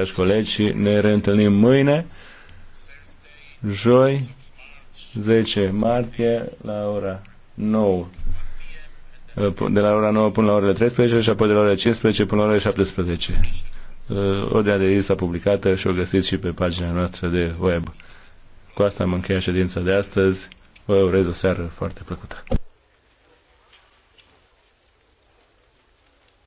dragi colegi, și ne reîntâlnim mâine, joi, 10 martie, la ora 9. De la ora 9 până la ora 13 și apoi de la ora 15 până la ora 17. Ordinea de zi s-a publicată și o găsiți și pe pagina noastră de web. Cu asta am încheiat ședința de astăzi. Vă urez o seară foarte plăcută.